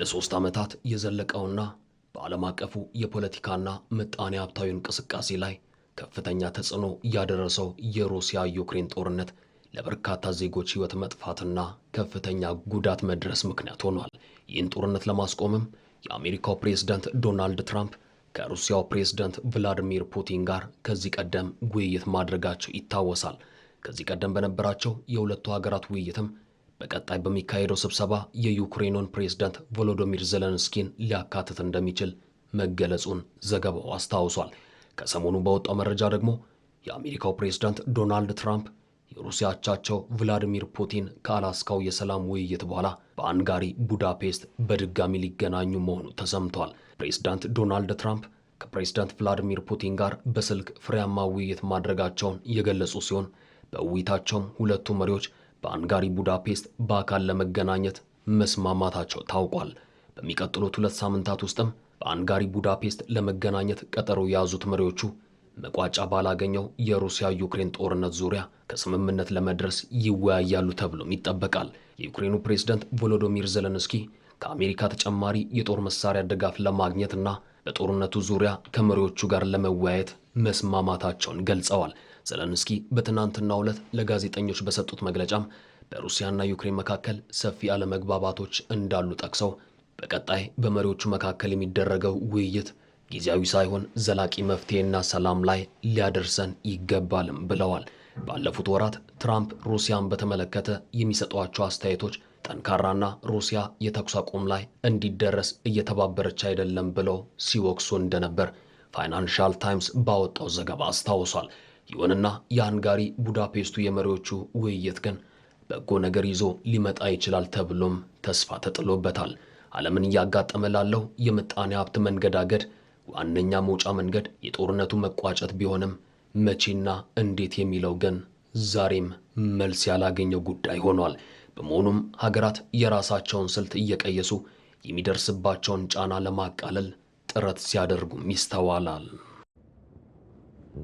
ለሶስት ዓመታት የዘለቀውና በዓለም አቀፉ የፖለቲካና ምጣኔ ሀብታዊ እንቅስቃሴ ላይ ከፍተኛ ተጽዕኖ ያደረሰው የሩሲያ ዩክሬን ጦርነት ለበርካታ ዜጎች ሕይወት መጥፋትና ከፍተኛ ጉዳት መድረስ ምክንያት ሆኗል። ይህን ጦርነት ለማስቆምም የአሜሪካው ፕሬዝደንት ዶናልድ ትራምፕ ከሩሲያው ፕሬዝደንት ቭላዲሚር ፑቲን ጋር ከዚህ ቀደም ውይይት ማድረጋቸው ይታወሳል። ከዚህ ቀደም በነበራቸው የሁለቱ ሀገራት ውይይትም በቀጣይ በሚካሄደው ስብሰባ የዩክሬኑን ፕሬዝዳንት ቮሎዶሚር ዘለንስኪን ሊያካትት እንደሚችል መገለጹን ዘገባው አስታውሷል። ከሰሞኑ በወጣው መረጃ ደግሞ የአሜሪካው ፕሬዝዳንት ዶናልድ ትራምፕ የሩሲያ አቻቸው ቭላዲሚር ፑቲን ከአላስካው የሰላም ውይይት በኋላ በአንጋሪ ቡዳፔስት በድጋሚ ሊገናኙ መሆኑ ተሰምቷል። ፕሬዝዳንት ዶናልድ ትራምፕ ከፕሬዝዳንት ቭላዲሚር ፑቲን ጋር በስልክ ፍሬያማ ውይይት ማድረጋቸውን የገለጹ ሲሆን በውይይታቸውም ሁለቱ መሪዎች በአንጋሪ ቡዳፔስት በአካል ለመገናኘት መስማማታቸው ታውቋል። በሚቀጥሉት ሁለት ሳምንታት ውስጥም በአንጋሪ ቡዳፔስት ለመገናኘት ቀጠሮ የያዙት መሪዎቹ መቋጫ ባላገኘው የሩሲያ ዩክሬን ጦርነት ዙሪያ ከስምምነት ለመድረስ ይወያያሉ ተብሎም ይጠበቃል። የዩክሬኑ ፕሬዝደንት ቮሎዶሚር ዘለንስኪ ከአሜሪካ ተጨማሪ የጦር መሳሪያ ድጋፍ ለማግኘትና በጦርነቱ ዙሪያ ከመሪዎቹ ጋር ለመወያየት መስማማታቸውን ገልጸዋል። ዘለንስኪ በትናንትናው ዕለት ለጋዜጠኞች በሰጡት መግለጫም በሩሲያና ዩክሬን መካከል ሰፊ አለመግባባቶች እንዳሉ ጠቅሰው በቀጣይ በመሪዎቹ መካከል የሚደረገው ውይይት ጊዜያዊ ሳይሆን ዘላቂ መፍትሄና ሰላም ላይ ሊያደርሰን ይገባልም ብለዋል። ባለፉት ወራት ትራምፕ ሩሲያን በተመለከተ የሚሰጧቸው አስተያየቶች ጠንካራና ሩሲያ የተኩስ አቁም ላይ እንዲደረስ እየተባበረች አይደለም ብለው ሲወቅሱ እንደነበር ፋይናንሻል ታይምስ ባወጣው ዘገባ አስታውሷል። ይሁንና የሃንጋሪ ቡዳፔስቱ የመሪዎቹ ውይይት ግን በጎ ነገር ይዞ ሊመጣ ይችላል ተብሎም ተስፋ ተጥሎበታል። ዓለምን እያጋጠመ ላለው የምጣኔ ሀብት መንገዳገድ ዋነኛ መውጫ መንገድ የጦርነቱ መቋጨት ቢሆንም መቼና እንዴት የሚለው ግን ዛሬም መልስ ያላገኘው ጉዳይ ሆኗል። በመሆኑም ሀገራት የራሳቸውን ስልት እየቀየሱ የሚደርስባቸውን ጫና ለማቃለል ጥረት ሲያደርጉም ይስተዋላል።